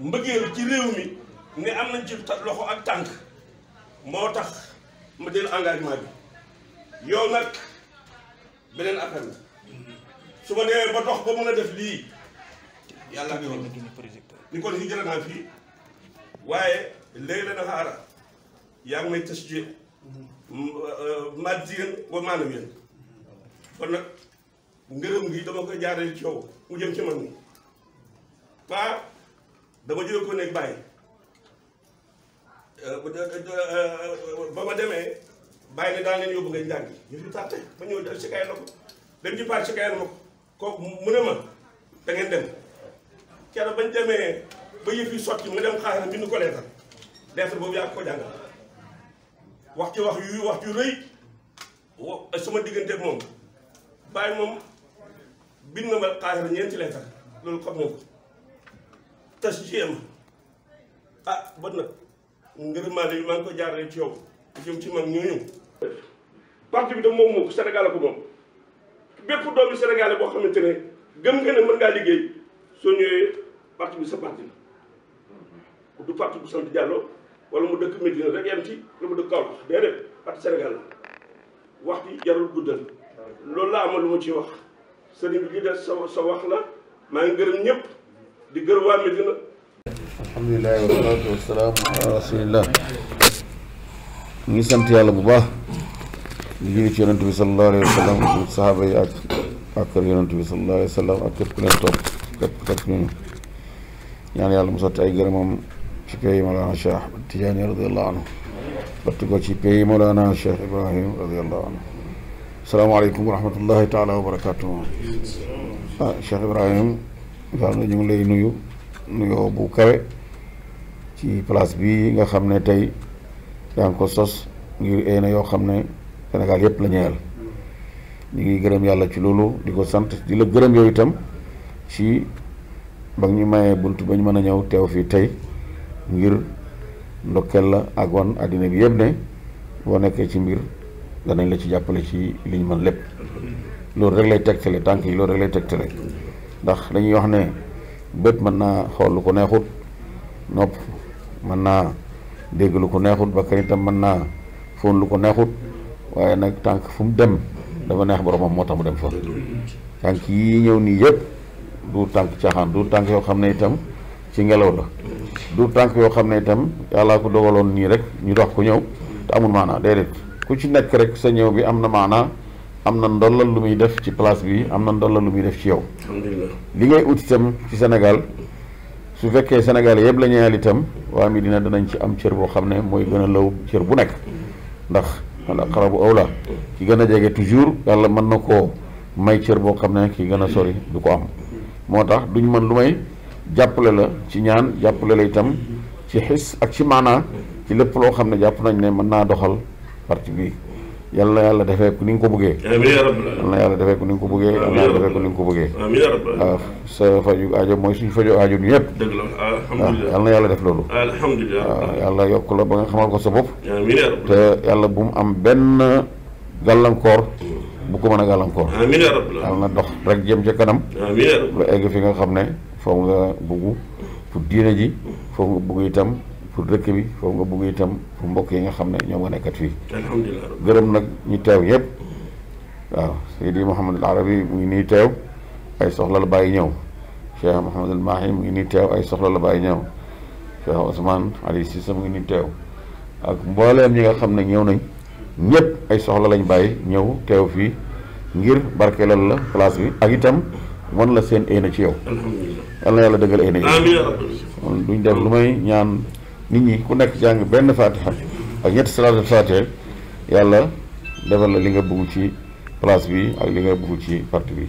mbëggeel ci réew mi ne am nañ ci loxo ak tànk moo tax ma jël engagement bi yow nag beneen affaire la su ma demee ba dox ba mën a def lii yàlla ak yoon ni kon hijra naa fii waaye léegi dana xaara yaa ngi may tës ji mm, euh, euh, maddiyan wa maanawiyan kon nag ngërëm gi dama koy jaaree ci mu jëm ci man mi waa dama jóge ko nekk bàyyi euh, euh, euh, ba ma demee bàyyi ne daan leen yóbbu nga jàngi ñu fi tàtte ma ñëw def ci kayal ko dem ci paat ci kayal ko kooku mu ne ma da ngeen dem keroog bañ demee ba yëf yi sotti nga dem xaaral bind ko leetal leetal boobu yaa ko jàngal wax ci wax yu wax yu rëy sama diggante ak moom bàyyi moom bind na ma xaaral ñeenti leetal loolu xam nga ko tas jéem ah bët nag ngërëmaale yi maa ngi ko jaarale ci yow jëm ci man ñooñu. parti bi de moom moom Sénégal la ko moom bépp doomi Sénégalais boo xamante ne gëm nga ne mën ngaa liggéey soo ñëwee parti bi sa parti la du parti bu sant Diallo wala mu dëkk Medina rek yem ci lu mu dëkk Kaolack déedéet parti Sénégal la wax ji jarul guddal loolu laa amal lu ma ci wax sëriñ bi li des sa sa wax la maa ngi gërëm ñëpp. di gërëm waa Medina. alhamdulilah wa salaatu wa salaam ala rasulillah ñu ngi sant yàlla bu baax di julli ci yonent bi sallallahu alayhi wa sallam ak saxaaba yi ak ak kër yonent bi sallallahu alayhi wa sallam ak képp ku ne topp képp képp ñu ñaan yàlla mu sotti ay gërëmam ci pays Mawlana Cheikh Ahmad Tidiane radiyallahu anhu batti ko ci pays Mawlana Cheikh Ibrahim radiyallahu anhu salaamaaleykum wa rahmatullahi taala wa barakatuh ah Cheikh Ibrahim Fallou ñu ngi lay nuyu nuyoo bu kawe ci place bi nga xam ne tey yaa ngi ko sos ngir ay na yoo xam ne Sénégal yëpp lañu ñeel ñu ngi gërëm yàlla ci loolu di ko sant di la gërëm yooyu itam ci ba ñu mayee bunt ba ñu mën a ñëw teew fii tey ngir ndokkeel la ak wan àddina bi yëpp ne boo nekkee ci mbir danañ la ci jàppale ci liñ mën lépp loolu rek lay tegtale tànk yi loolu rek lay tegtale ndax dañuy wax ne bët mën naa xool lu ko neexut nopp mën naa dégg lu ko neexut bakkan itam mën naa fóon lu ko neexut waaye nag tànk fu mu dem dafa neex boromam moo tax mu dem fa tànk yi ñëw nii yëpp du tànk caaxaan du tànk yoo xam ne itam ci ngelaw la du tànk yoo xam ne itam yàllaa ko dogaloon nii rek ñu dox ko ñëw te amul maanaa déedéet ku ci nekk rek sa ñëw bi am na maanaa am na ndollal lu muy def ci place bi am na ndollal lu muy def ci yow. li ngay ut itam ci Sénégal su fekkee Sénégal yëpp la ñuy itam waa mi dina danañ ci am cër boo xam ne mooy gën a law cër bu nekk ndax xarabu awla ci gën a jege toujours yàlla mën na koo may cër boo xam ne ki gën a sori du ko am moo tax duñ mën lu may jàppale la ci ñaan jàppale la itam ci xis ak ci maanaa ci lépp loo xam ne jàpp nañ ne mën naa doxal parti bii yal na yàlla defee ko ni nga ko bëggee. yal na yàlla defee ko ni nga ko bëggee. ni nga ko bëggee. waaw ah, sa faju aajo mooy suñu faju ajo ñu yëpp. Ah, ah, na yàlla def loolu. alhamdulilah waaw yàlla yokk la ba nga xamal ko sa bopp. te yàlla bu mu am benn gàllankoor. bu ko mën a gàllankoor. yàlla na dox rek jëm ca kanam. amiin lu egg fi nga xam ne foofu nga bëgg fu diine ji foofu nga bëgg itam pour dëkk bi foofu nga bugg itam pour mbokk yi nga xam ne ñoom nga nekkat fii alhamdulilah gërëm nag ñu teew yëpp waaw Seydi Mouhamad al Arabi mu ngi nii teew ay soxla la bàyyi ñëw Cheikh Mouhamad mu ngi nii teew ay soxla la bàyyi ñëw Cheikh Ousmane Ali Cissé mu ngi nii teew ak mbooleem ñi nga xam ne ñëw nañ ñëpp ay soxla lañ bàyyi ñëw teew fii ngir barkeelal la place bi ak itam wan la seen éena ci yow yal na yàlla dëggal éena yi duñ def lu may ñaan nit ñi ku nekk jàng benn fatiha ak ñetti salaatul faatiha yàlla defal la li nga bëgg ci place bi ak li nga bëgg ci parti bi